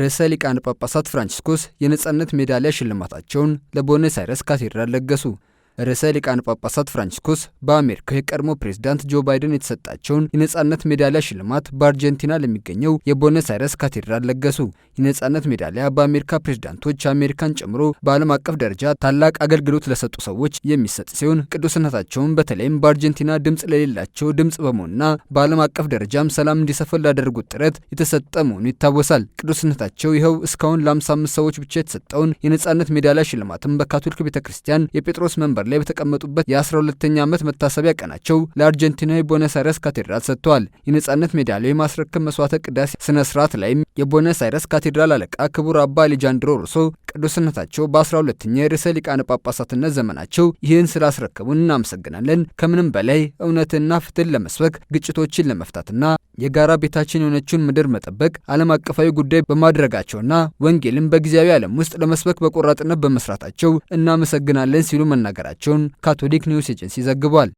ርዕሰ ሊቃነ ጳጳሳት ፍራንቺስኮስ የነጻነት ሜዳሊያ ሽልማታቸውን ለቦነስ አይረስ ካቴድራል ለገሱ። ርዕሰ ሊቃነ ጳጳሳት ፍራንቺስኮስ በአሜሪካ የቀድሞ ፕሬዝዳንት ጆ ባይደን የተሰጣቸውን የነጻነት ሜዳሊያ ሽልማት በአርጀንቲና ለሚገኘው የቦነስ አይረስ ካቴድራል ለገሱ። የነጻነት ሜዳሊያ በአሜሪካ ፕሬዝዳንቶች አሜሪካን ጨምሮ በዓለም አቀፍ ደረጃ ታላቅ አገልግሎት ለሰጡ ሰዎች የሚሰጥ ሲሆን ቅዱስነታቸውን በተለይም በአርጀንቲና ድምፅ ለሌላቸው ድምፅ በመሆንና በዓለም አቀፍ ደረጃም ሰላም እንዲሰፈል ላደረጉት ጥረት የተሰጠ መሆኑ ይታወሳል። ቅዱስነታቸው ይኸው እስካሁን ለ55 ሰዎች ብቻ የተሰጠውን የነጻነት ሜዳሊያ ሽልማትም በካቶሊክ ቤተ ክርስቲያን የጴጥሮስ መንበር ዳር ላይ በተቀመጡበት የ12ኛ ዓመት መታሰቢያ ቀናቸው ለአርጀንቲና ቦነስ አይረስ ካቴድራል ሰጥተዋል። የነጻነት ሜዳሊያ የማስረከብ መስዋዕተ ቅዳሴ ስነ ስርዓት ላይም የቦነስ አይረስ ካቴድራል አለቃ ክቡር አባ አሌጃንድሮ ሩሶ ቅዱስነታቸው በ12ኛ የርዕሰ ሊቃነ ጳጳሳትነት ዘመናቸው ይህን ስላስረከቡን እናመሰግናለን። ከምንም በላይ እውነትና ፍትህን ለመስበክ ግጭቶችን ለመፍታትና የጋራ ቤታችን የሆነችውን ምድር መጠበቅ ዓለም አቀፋዊ ጉዳይ በማድረጋቸውና ወንጌልን በጊዜያዊ ዓለም ውስጥ ለመስበክ በቆራጥነት በመስራታቸው እናመሰግናለን ሲሉ መናገራቸውን ካቶሊክ ኒውስ ኤጀንሲ ዘግቧል።